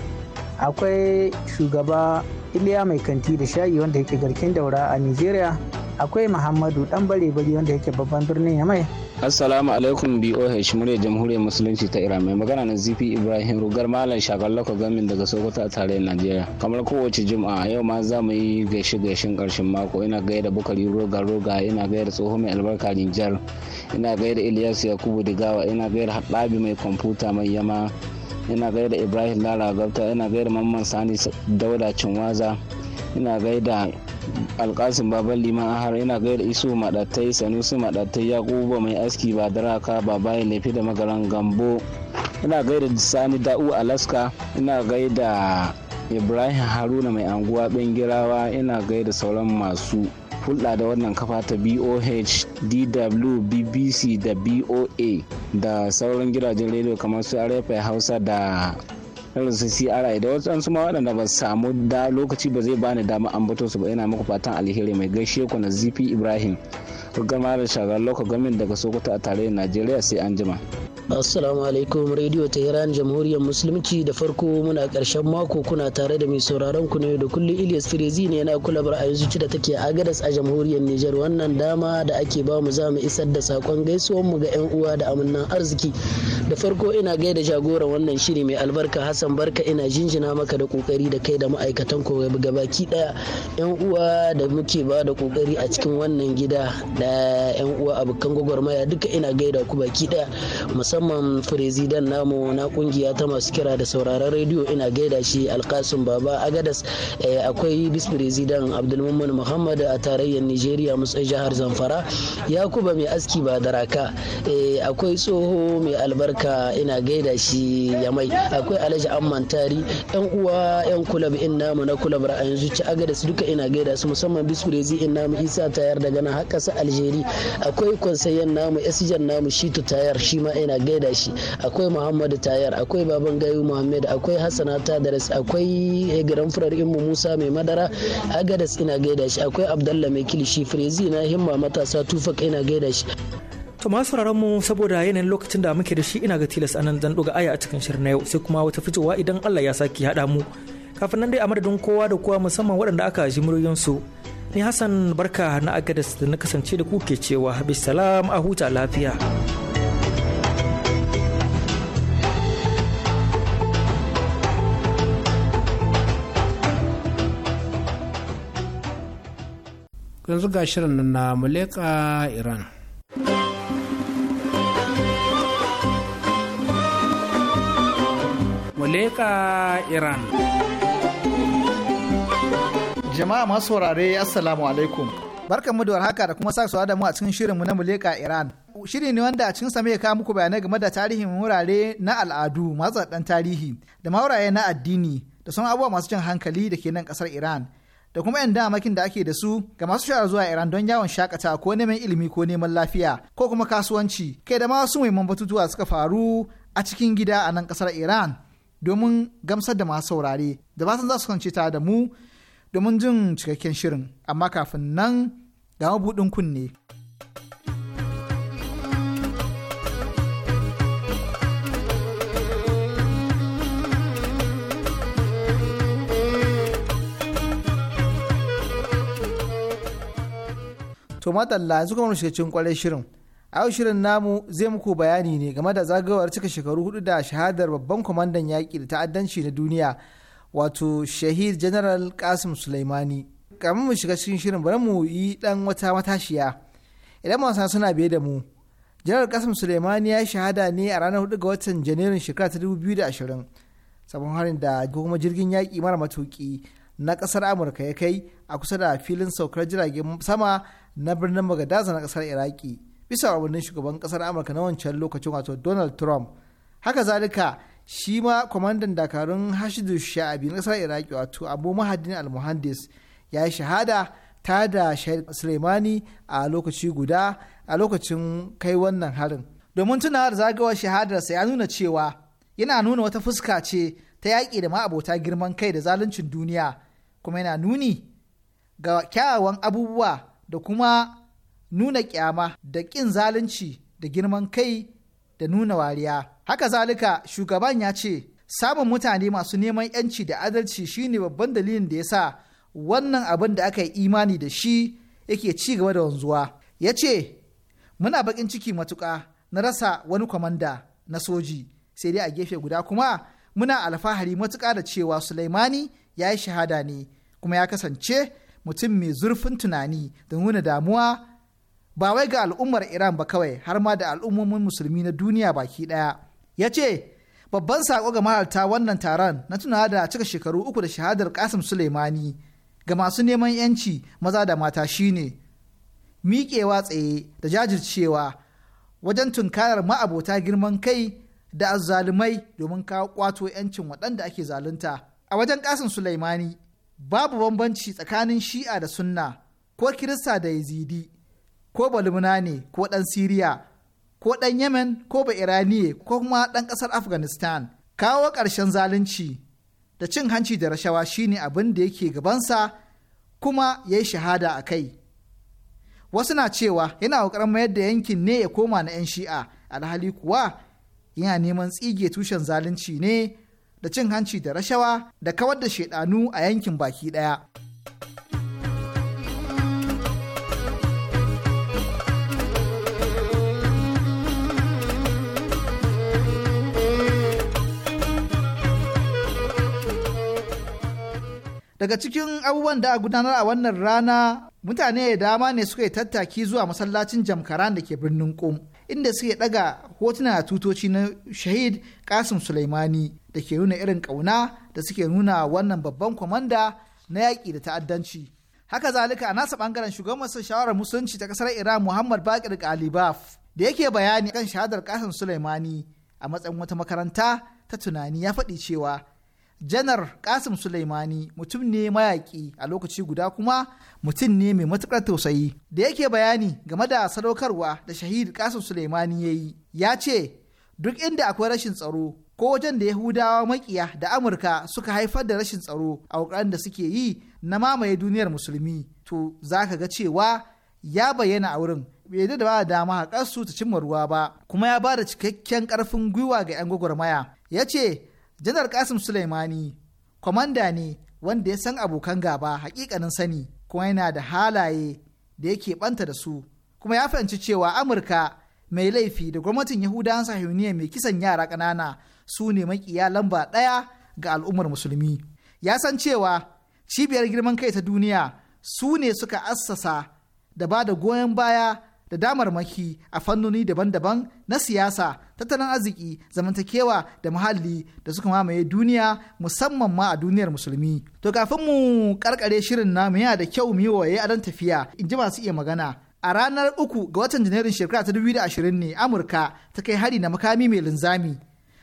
akwai shugaba iliya mai kanti da shayi wanda yake garkin daura a Nijeriya. akwai muhammadu dan bare wanda yake babban birnin yamai Assalamu alaikum BOH murya jamhuriyar musulunci ta Iran mai magana na ZP Ibrahim Rugar Malam Shagallako Gamin daga Sokoto a tarayyar Najeriya. Kamar kowace Juma'a yau ma za mu yi gaishe gaishen karshen mako ina da Bukari Roga Roga ina gaida Tsoho mai albarka Nijar ina da Ilyas Yakubu Digawa ina da Haɗabi mai kwamfuta mai yama ina da Ibrahim Lara Gabta ina da Mamman Sani Dauda Cinwaza ina da. alƙasin baban liman ahar ina gaida iso maɗatai sanusi maɗatai yakuba mai aski ba daraka ba bayan laifi da magaran gambo ina gaida sani da'u alaska ina gaida ibrahim haruna mai anguwa bengirawa ina gaida sauran masu hulɗa da wannan kafa ta boh dw bbc da boa da sauran gidajen rediyo kamar su rfi hausa da irin su CRI da wasu ma waɗanda ba samu da lokaci ba zai bani dama ambato su ba yana muku fatan alheri mai gaishe ku na ZP Ibrahim gama da shagar lokacin gamin daga sokoto a tarayyar najeriya sai an jima assalamu alaikum radio tehran jamhuriyar musulunci da farko muna karshen mako kuna tare da mai sauraron ku ne da kullum ilyas firezi ne yana kula bar zuci da take agadas a jamhuriyar niger wannan dama da ake ba mu za mu isar da sakon gaisuwan mu ga yan uwa da amannan arziki da farko ina gaida jagoran wannan shiri mai albarka hassan barka ina jinjina maka da kokari da kai da ma'aikatan ko gabaki daya yan uwa da muke ba da kokari a cikin wannan gida da yan uwa abokan gwagwarmaya duka ina gaida ku baki daya musamman firizidan namu na kungiya ta masu kira da sauraron rediyo ina gaida shi alkasun baba agadas eh, akwai bis firizidan abdulmumman muhammad a tarayyar nigeria matsayin jihar zamfara ya kuba mai aski ba da raka eh, akwai tsoho mai albarka ina gaida shi ya mai akwai alhaji amman tari yan uwa yan kulab in namu na kulab ra'ayin zuci agadas duka ina gaida su musamman bis firezi in namu isa tayar daga na haka sa aljeri akwai kwansayen namu esijan namu shitu tayar shi ma ina gaida shi akwai muhammadu tayar akwai baban gayu muhammad akwai hassana tadaras akwai garan furar imu musa mai madara agadas ina gaida shi akwai abdallah mai kilishi firezi na himma matasa tufak ina gaida shi To masu mu saboda yanayin lokacin da muke da shi ina ga tilas anan zan doga aya a cikin shirin na yau sai kuma wata fitowa idan Allah ya saki haɗa mu. Kafin nan dai a madadin kowa da kowa musamman waɗanda aka ji muryansu ni Hassan barka na agadas da na kasance da kuke cewa bisalam a huta lafiya. yanzu ga shirin na muleka iran muleka iran Jama'a masu saurare Assalamu alaikum. Barkanmu da haka da kuma sake da mu a cikin shirinmu na Muleka Iran. Shiri ne wanda a cikin sa mai kawo muku bayanai game da tarihin wurare na al'adu masu dan tarihi da mawuraye na addini da sauran abubuwa masu jan hankali da ke nan kasar Iran. Da kuma yan damakin da ake da su ga masu shara zuwa Iran don yawon shakata ko neman ilimi ko neman lafiya ko kuma kasuwanci kai da ma wasu muhimman batutuwa suka faru a cikin gida a nan kasar Iran domin gamsar da masu saurare da ba za su kwanci ta da mu domin jin cikakken shirin amma kafin nan ga mabudin kunne. to matalla yanzu kamar shiga kwarai shirin a yau shirin namu zai muku bayani ne game da zagawar cika shekaru hudu da shahadar babban kwamandan yaƙi da ta'addanci na duniya wato shahid general kasim sulaimani karamin mu shiga cikin shirin bari mu yi dan wata matashiya idan masu suna biye da mu general kasim suleimani ya shahada ne a ranar 4 ga watan janairun shekara ta 2020 sabon harin da kuma jirgin yaƙi mara matuƙi na ƙasar amurka ya kai a kusa da filin saukar jiragen sama na birnin magadaza na kasar iraki bisa umarnin shugaban ƙasar amurka na wancan lokacin wato donald trump haka zalika shi ma kwamandan dakarun hashidu sha'abi na ƙasar iraki wato abu mahadin al muhandis ya yi shahada ta da sulaimani a lokaci guda a lokacin kai wannan harin domin tunawa da zagawar shahadarsa ya nuna cewa yana nuna wata fuska ce ta yaƙi da ma'abota girman kai da zaluncin duniya kuma yana nuni ga kyawawan abubuwa da kuma nuna kyama da ƙin zalunci da girman kai da nuna wariya haka zalika shugaban ya ce samun mutane masu neman yanci da adalci shine babban dalilin da ya sa wannan abin da aka yi imani da shi yake ci gaba da wanzuwa ya ce muna bakin ciki matuka na rasa wani kwamanda na soji sai dai a gefe guda kuma muna alfahari matuka da cewa sulaimani ya yi shahada ne kuma ya kasance mutum mai zurfin tunani da nuna damuwa ba wai ga al'ummar iran ba kawai har ma da al'ummomin musulmi na duniya baki ɗaya ya ce babban saƙo ga mahalarta wannan taron na tunawa da cika shekaru uku da shahadar kasim suleimani ga masu neman yanci maza da mata shine miƙewa tsaye da jajircewa wajen tunkarar ma'abota girman kai da azzalumai domin kawo kwato yancin waɗanda ake zalunta a wajen kasim suleimani babu bambanci tsakanin shi'a da sunna ko kirista da yazidi ko balmuna ne ko ɗan siriya ko ɗan yemen ko ba iraniye ko kuma ɗan ƙasar afghanistan kawo ƙarshen zalunci da cin hanci da rashawa shine abin da yake gabansa kuma ya yi shahada a kai wasu na cewa yana ƙoƙarin mayar da yankin ne ya koma na 'yan shi'a alhali kuwa yana neman tsige tushen zalunci ne da cin hanci da rashawa da kawar da shaidanu a yankin baki ɗaya. daga cikin abubuwan da a gudanar a wannan rana mutane da dama ne suka yi tattaki zuwa masallacin jamkaran da ke birnin kum inda suke daga hotuna a tutoci na shahid kasim sulaimani da ke nuna irin kauna da suke nuna wannan babban kwamanda na yaƙi da ta'addanci haka zalika a nasa bangaren shugaban masu shawarar musulunci ta kasar iran muhammad bakir kalibaf da yake bayani kan shahadar kasim sulaimani a matsayin wata makaranta ta tunani ya faɗi cewa janar kasim suleimani mutum ne mayaƙi a lokaci guda kuma mutum ne mai matuƙar tausayi da yake bayani game da sadaukarwa da shahid kasim suleimani ya yi ya ce duk inda akwai rashin tsaro ko wajen da yahudawa maƙiya da amurka suka haifar da rashin tsaro a ƙoƙarin da suke yi na mamaye duniyar musulmi to za ka ga cewa ya bayyana a wurin bai da ba dama haƙar su ta cimma ruwa ba kuma ya ba da cikakken ƙarfin gwiwa ga 'yan gwagwarmaya ya ce janar kasim suleimani kwamanda ne wanda ya san abokan gaba hakikanin sani kuma yana da halaye da yake banta da su kuma ya fahimci cewa amurka mai laifi da gwamnatin yahudawan sahiyoniya mai kisan yara ƙanana su ne makiya lamba ɗaya ga al'ummar musulmi ya san cewa cibiyar girman kai ta duniya su ne suka assasa da ba da goyon baya da damarmaki a fannoni daban-daban na siyasa tattalin arziki zamantakewa da muhalli da suka mamaye duniya musamman ma a duniyar musulmi to kafin mu karkare shirin namu yana da kyau mu yi waye a tafiya in ji masu iya magana a ranar uku ga watan janairun shekara ta 2020 ne amurka ta kai hari na makami mai linzami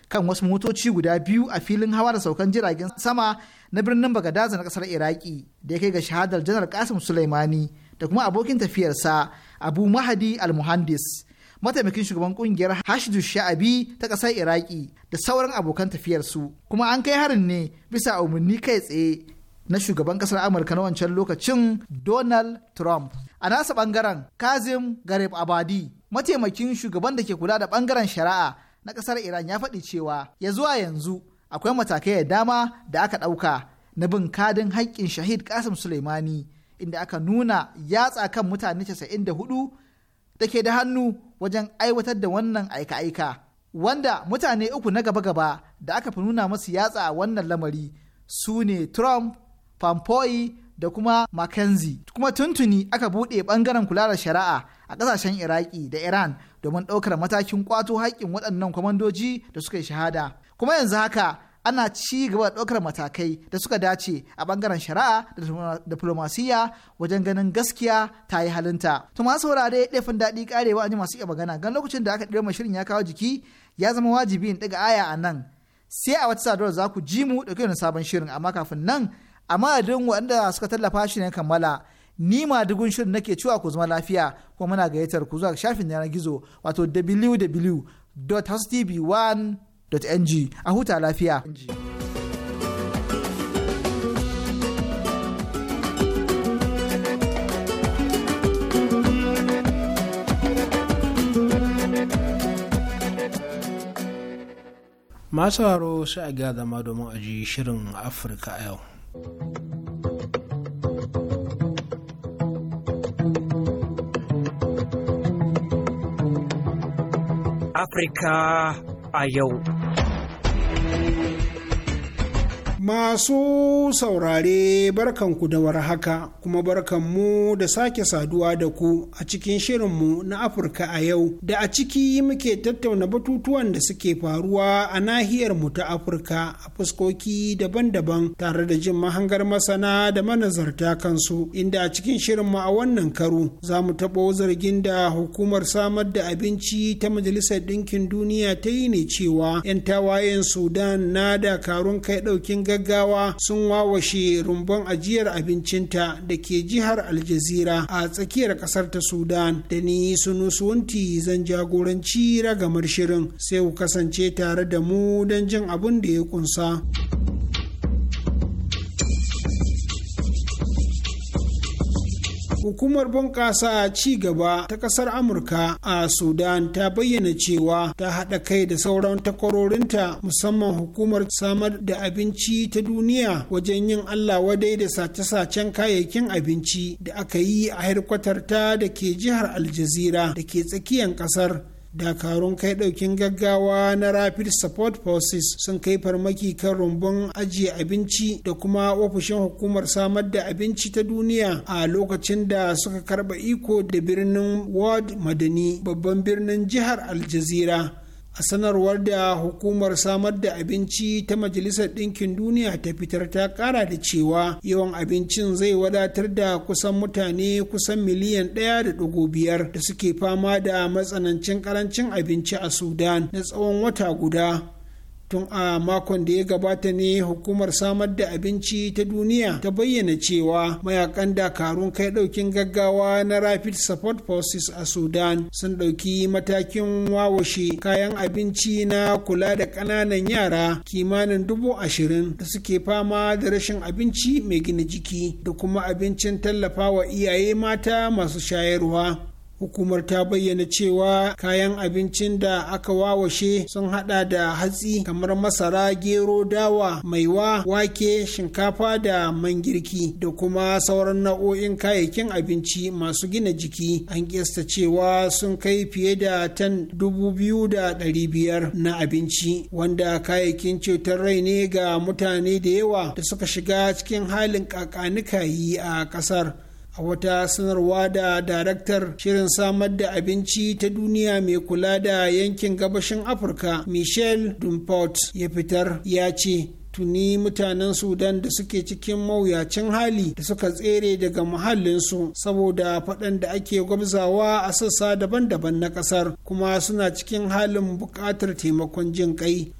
kan wasu motoci guda biyu a filin hawa da saukan jiragen sama na birnin bagadaza na kasar iraki da ya kai ga shahadar janar kasim suleimani da kuma abokin tafiyarsa abu mahadi almuhandis mataimakin shugaban kungiyar hashidu sha'abi ta ƙasar iraki da sauran abokan tafiyarsu kuma an kai harin ne bisa umarni kai tsaye na shugaban ƙasar amurka na wancan lokacin donald trump a nasa ɓangaren kazim garib abadi mataimakin shugaban da ke kula da ɓangaren shari'a na ƙasar iran ya faɗi cewa ya zuwa yanzu akwai matakai da dama da aka ɗauka na bin kadin haƙƙin shahid kasim suleimani inda aka nuna yatsa kan mutane 94 da ke da hannu wajen aiwatar da wannan aika-aika wanda mutane uku na gaba-gaba da aka fi nuna masu yatsa a wannan lamari su ne trump pompoi da kuma mackenzie kuma tuntuni aka buɗe ɓangaren kula da shari'a a ƙasashen iraki da iran domin ɗaukar matakin ƙwato haƙƙin waɗannan kwamandoji da suka yi shahada kuma yanzu haka ana ci gaba da ɗaukar matakai da suka dace a ɓangaren shari'a da diplomasiya wajen ganin gaskiya ta yi halinta. To masu saurare ɗaifin daɗi ƙarewa an ji masu iya magana gan lokacin da aka ɗira mai shirin ya kawo jiki ya zama wajibi in ɗaga aya a nan. Sai a wata sadarwar za ku ji mu ɗauke da sabon shirin amma kafin nan a madadin waɗanda suka tallafa shi ne kammala. Ni ma dugun shirin nake cewa ku zama lafiya kuma muna gayyatar ku zuwa shafin yanar gizo wato www.housetv1 ng a huta lafiya. masu haro sai a gada ma domin a ji shirin afirka yau afirka a yau Masu saurare barkanku da haka kuma barkanmu da sake saduwa da ku a cikin shirinmu na Afirka a yau da a ciki muke tattauna batutuwan da suke faruwa a nahiyar mu ta Afirka a fuskoki daban-daban tare da jin mahangar masana da manazarta kansu inda a cikin shirinmu a wannan karo za mu taɓo zargin da hukumar samar da abinci ta Majalisar Ɗinkin Duniya ta yi ne cewa 'yan tawayen Sudan na dakarun kai ɗaukin gaggawa gaggawa sun wawashe rumbun ajiyar abincinta da ke jihar aljazira a tsakiyar kasar ta sudan da ni su sunusunti zan jagoranci ragamar shirin sai ku kasance tare da mu don jin abin da ya kunsa. hukumar bunƙasa ci gaba ta ƙasar amurka a sudan ta bayyana cewa ta haɗa kai da sauran takwarorinta musamman hukumar samar da abinci ta duniya wajen yin allah wadai da sace-sacen kayayyakin abinci da aka yi a harkwatar ta da ke jihar aljazira da ke tsakiyar ƙasar dakarun kai daukin gaggawa na rapid support forces sun kai farmaki kan rumbun ajiye abinci da kuma ofishin hukumar samar da abinci ta duniya a lokacin da suka karba iko da birnin ward madani babban birnin jihar aljazira a sanarwar da hukumar samar da abinci ta majalisar ɗinkin duniya ta fitar ta ƙara da cewa yawan abincin zai wadatar da kusan mutane kusan miliyan ɗaya da ɗigo biyar da suke fama da matsanancin ƙarancin abinci a sudan na tsawon wata guda tun a makon da ya gabata ne hukumar samar da abinci ta duniya ta bayyana cewa mayakan dakarun kai daukin gaggawa na rapid support forces a sudan sun dauki matakin wawashe kayan abinci na kula da kananan yara kimanin dubu ashirin da suke fama da rashin abinci mai gina jiki da kuma abincin tallafa wa iyaye mata masu shayarwa hukumar ta bayyana cewa kayan abincin da aka wawashe sun hada da hatsi kamar masara gero dawa maiwa wake shinkafa da man girki da kuma sauran nau'o'in kayayyakin abinci masu gina jiki an kesta cewa sun kai fiye da tan da ɗari biyar na abinci wanda kayayyakin cutar rai ne ga mutane da yawa da suka shiga cikin halin kakanikayi a kasar. a wata sanarwa da daraktar shirin samar da abinci ta duniya mai kula da yankin gabashin afirka michel dumport ya fitar ya ce tuni mutanen sudan da suke cikin mawuyacin hali da suka tsere daga muhallinsu saboda faɗan da ake gwamzawa a sassa daban-daban na ƙasar kuma suna cikin halin buƙatar taimakon jin ƙai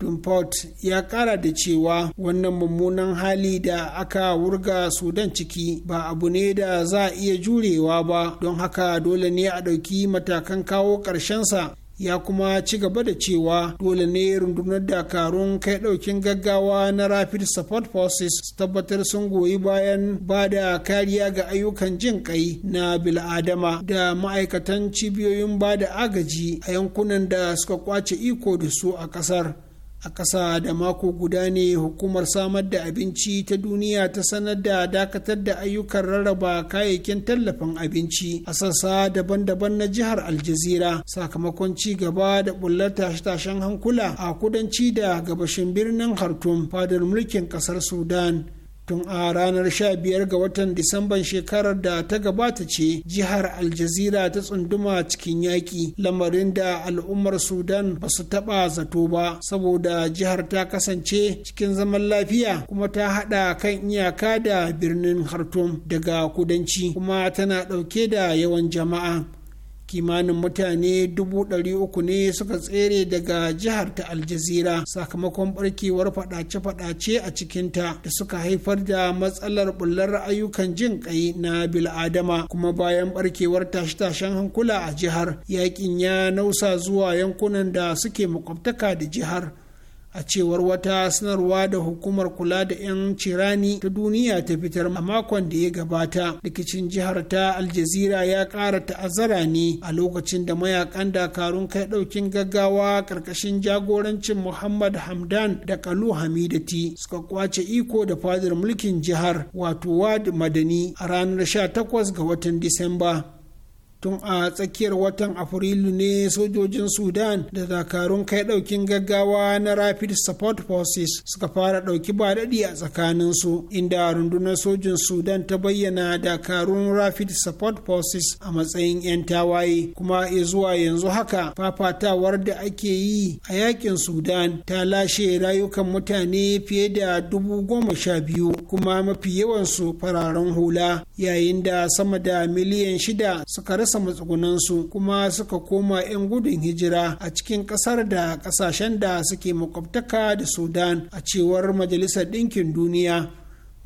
Dunport ya kara da cewa wannan mummunan hali da aka wurga Sudan ciki ba abu ne da za a iya jurewa ba don haka dole ne a ɗauki matakan kawo ƙarshensa ya kuma ci gaba da cewa dole ne rundunar dakarun kai ɗaukin gaggawa na rapid support forces su tabbatar sun goyi bayan ba da kariya ga ayyukan jin kai na bil'adama da ma'aikatan cibiyoyin ba da agaji a yankunan da suka kwace iko da su a ƙasar. a ƙasa da mako guda ne hukumar samar da abinci ta duniya ta sanar da dakatar da ayyukan rarraba kayayyakin tallafin abinci a sassa daban-daban na jihar aljazira sakamakon ci gaba da bullar tashe-tashen hankula a kudanci da gabashin birnin khartoum fadar mulkin ƙasar sudan tun a ranar 15 ga watan disamban shekarar da ta gabata ce jihar aljazira ta tsunduma cikin yaƙi lamarin da al'ummar sudan ba su taɓa zato ba saboda jihar ta kasance cikin zaman lafiya kuma ta haɗa kan iyaka da birnin hartum daga kudanci kuma tana ɗauke da yawan jama'a kimanin mutane dubu ɗari uku ne suka tsere daga jihar ta aljazira sakamakon barkewar faɗace-faɗace a cikinta da suka haifar da matsalar bullar ayyukan jin ƙai na bil'adama kuma bayan barkewar tashe-tashen hankula a jihar yakin ya nausa zuwa yankunan da suke makwabtaka da jihar a cewar wata sanarwa da hukumar kula da 'yan cirani ta duniya ta fitar a makon da ya gabata rikicin jihar ta aljazira ya ƙara ta'azzara ne a lokacin da mayakan dakarun kai ɗaukin gaggawa ƙarƙashin jagorancin muhammad hamdan da kalu hamidati suka kwace iko da fadar mulkin jihar wato wad madani a ranar 18 ga watan disamba tun a tsakiyar watan afrilu ne sojojin sudan da dakarun kai daukin gaggawa na rapid support forces suka fara dauki ba daɗi a su inda rundunar sojin sudan ta bayyana dakarun rapid support forces a matsayin 'yan tawaye kuma zuwa yanzu haka fafatawar da ake yi a yakin sudan ta lashe rayukan mutane fiye da dubu goma sha biyu kuma mafi yawansu fararen hula yayin da sama da miliyan shida suka rasa rasa matsugunansu kuma suka koma 'yan gudun hijira a cikin kasar da kasashen da suke makwabtaka da sudan a cewar majalisar ɗinkin duniya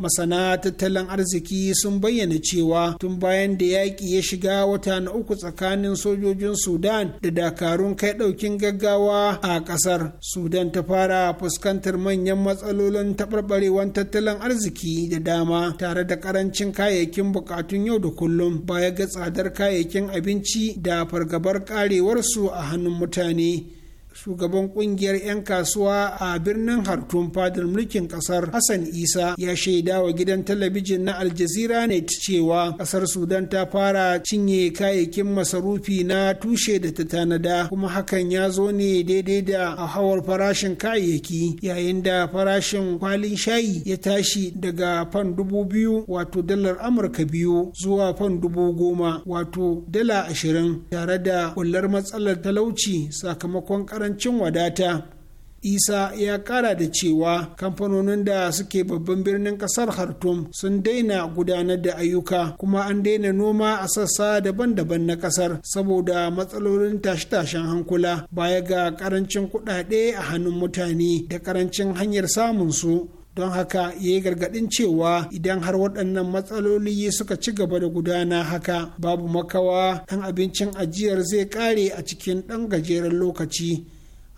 masana tattalin arziki sun bayyana cewa tun bayan da yaƙi ya shiga wata na uku tsakanin sojojin sudan da dakarun kai ɗaukin gaggawa a ƙasar sudan ta fara fuskantar manyan matsalolin taɓarɓarewar tattalin arziki da dama tare da ƙarancin kayayyakin buƙatun yau da kullum baya ga tsadar kayayyakin abinci da fargabar ƙarewarsu a hannun mutane shugaban kungiyar 'yan kasuwa a birnin hartun fadar mulkin kasar hassan isa ya shaida wa gidan talabijin na aljazira ne cewa kasar sudan ta fara cinye kayayyakin masarufi na tushe da ta tanada kuma hakan ya zo ne daidai da hawar farashin kayayyaki yayin da farashin kwalin shayi ya tashi daga fan dubu biyu wato dalar amurka biyu zuwa fan dubu goma wato dala ashirin tare da kullar matsalar talauci sakamakon karancin ƙarancin wadata isa ya kara da cewa kamfanonin da suke babban birnin kasar hartum sun daina gudanar da ayyuka kuma an daina noma a sassa daban-daban na kasar saboda matsalolin tashe-tashen hankula baya ga karancin kudade a hannun mutane da karancin hanyar samun su don haka ya yi gargaɗin cewa idan har waɗannan matsaloli suka ci gaba da gudana haka babu makawa ɗan abincin ajiyar zai ƙare a cikin ɗan gajeren lokaci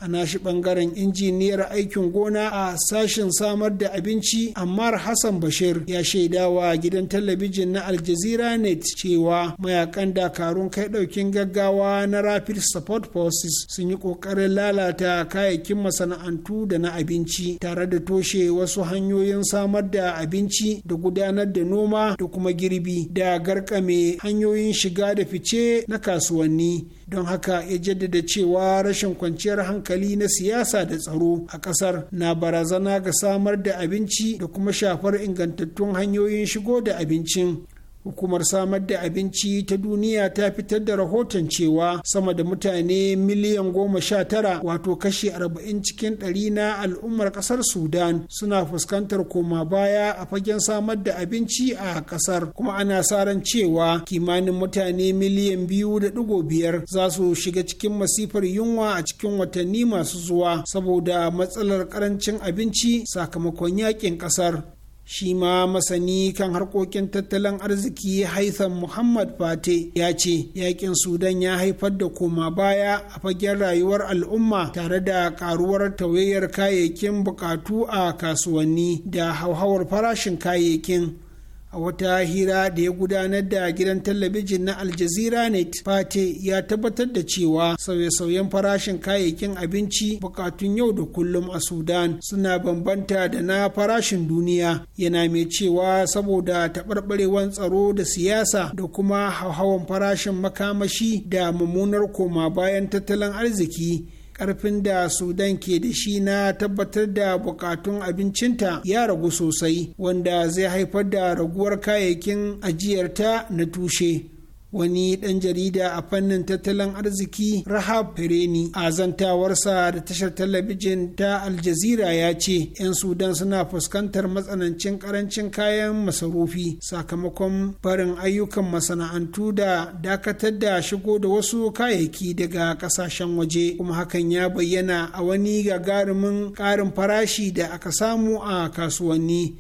a nashi bangaren injiniyar aikin gona a sashen samar da abinci ammar hassan bashir ya shaidawa gidan talabijin na aljazeera net cewa mayakan dakarun kai daukin gaggawa na rapid support forces sun yi kokarin lalata kayayyakin masana'antu da na abinci tare da toshe wasu hanyoyin samar da abinci da gudanar da noma da kuma girbi da garkame hanyoyin shiga da fice na kasuwanni don haka ya jaddada cewa rashin kwanciyar hankali na siyasa da tsaro a kasar na barazana ga samar da abinci da kuma shafar ingantattun hanyoyin shigo da abincin Hukumar samar da abinci ta duniya ta fitar da rahoton cewa sama da mutane miliyan goma sha tara wato kashi arba'in cikin ɗari na al'ummar ƙasar Sudan suna fuskantar koma baya a fagen samar da abinci a ƙasar kuma ana sa ran cewa kimanin mutane miliyan biyu da ɗigo biyar za su shiga cikin masifar yunwa a cikin watanni masu zuwa saboda matsalar ƙarancin abinci sakamakon yaƙin ƙasar. shi ma masani kan harkokin tattalin arziki haitham muhammad fate ya ce yakin sudan ya haifar da koma baya a fagen rayuwar al'umma tare da karuwar tauyayyar kayayyakin bukatu a kasuwanni da hauhawar farashin kayayyakin a wata hira da ya gudanar da gidan talabijin na aljazira net fate ya tabbatar da cewa sauye-sauyen farashin kayayyakin abinci bukatun yau da kullum a sudan suna bambanta da na farashin duniya yana mai cewa saboda taɓarɓarewan tsaro da siyasa da kuma hauhawan farashin makamashi da mummunar koma bayan tattalin arziki karfin da sudan ke da shi na tabbatar da bukatun abincinta ya ragu sosai wanda zai haifar da raguwar kayayyakin ajiyarta na tushe wani ɗan jarida a fannin tattalin arziki rahab Pereni a zantawarsa da tashar talabijin ta Al ya ce 'yan Sudan suna fuskantar matsanancin karancin kayan masarufi sakamakon barin ayyukan masana'antu da dakatar da shigo da wasu kayayyaki daga ƙasashen waje kuma hakan ya bayyana a wani gagarumin ƙarin farashi da aka samu a kasuwanni.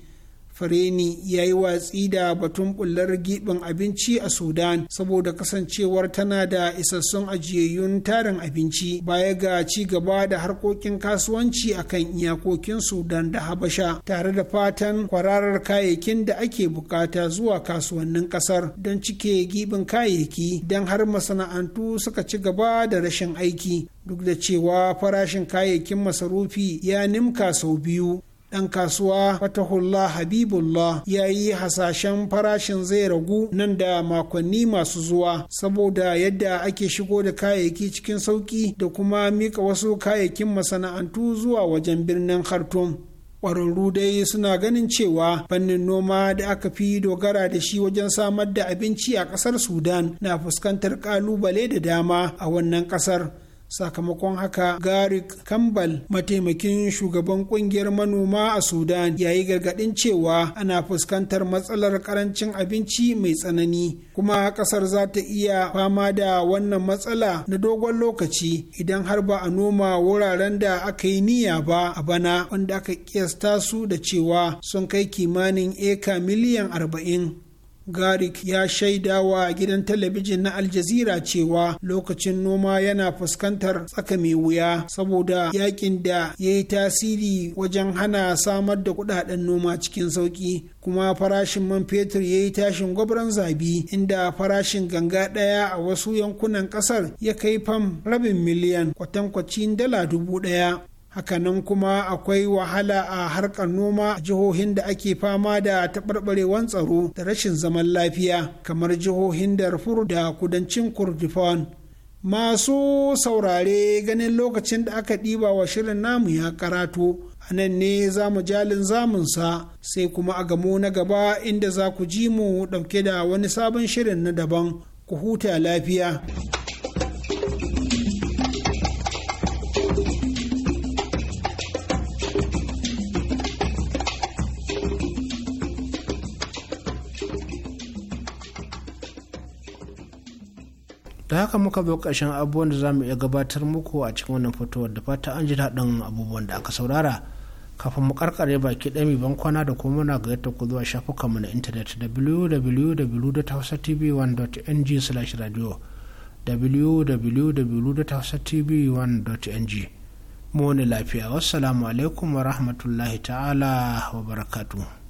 Fareni ya yi watsi da batun bullar giɓin abinci a Sudan saboda kasancewar tana da isassun ajiyayyun tarin abinci baya ga ci gaba da harkokin kasuwanci a kan iyakokin Sudan da Habasha tare da fatan kwararar kayayyakin da ake bukata zuwa kasuwannin ƙasar don cike giɓin kayayyaki don har masana'antu suka ci gaba da rashin aiki duk da cewa farashin kayayyakin masarufi ya nimka sau biyu ɗan kasuwa fatahullah habibullah ya yi hasashen farashin zai ragu nan da makonni masu zuwa saboda yadda ake shigo da kayayyaki cikin sauki da kuma mika wasu kayayyakin masana'antu zuwa wajen birnin khartoum ƙwararru dai suna ganin cewa fannin noma da aka fi dogara da shi wajen samar da abinci a ƙasar sudan na fuskantar ƙalubale da dama a wannan ƙasar sakamakon haka garik kambal mataimakin shugaban kungiyar manoma a sudan ya yi gargaɗin cewa ana fuskantar matsalar karancin abinci mai tsanani kuma ƙasar za ta iya fama da wannan matsala na dogon lokaci idan har ba a noma wuraren da aka yi niyya ba a bana wanda aka kiyasta su da cewa sun kai kimanin eka miliyan arba'in. Garik ya shaida wa gidan talabijin na Aljazira cewa lokacin noma yana fuskantar tsaka mai wuya saboda yakin da ya yi tasiri wajen hana samar da kudaden noma cikin sauki kuma farashin man fetur ya yi tashin gwabran zabi inda farashin ganga daya a wasu yankunan kasar ya kai fam rabin miliyan kwatankwacin dala dubu daya. hakanan kuma akwai wahala a harkar noma jihohin da ake fama da taɓarɓarewan tsaro da rashin zaman lafiya kamar jihohin da darfur da kudancin kurdifon masu saurare ganin lokacin da aka ɗiba wa shirin namu ya karatu a nan ne za mu jalin zamunsa sai kuma a gamo na gaba inda za ku ji mu ɗauke da wani sabon shirin na daban ku huta lafiya. da haka muka bi ƙarshen abubuwan da za mu iya gabatar muku a cikin wannan fitowar da fata an ji daɗin abubuwan da aka saurara kafin mu karkare baki ɗaya mai ban kwana da kuma muna ga yadda ku zuwa shafukanmu na intanet www.hausatv1.ng slash radio www.hausatv1.ng mu wani lafiya wassalamu alaikum wa rahmatullahi ta'ala wa barakatuhu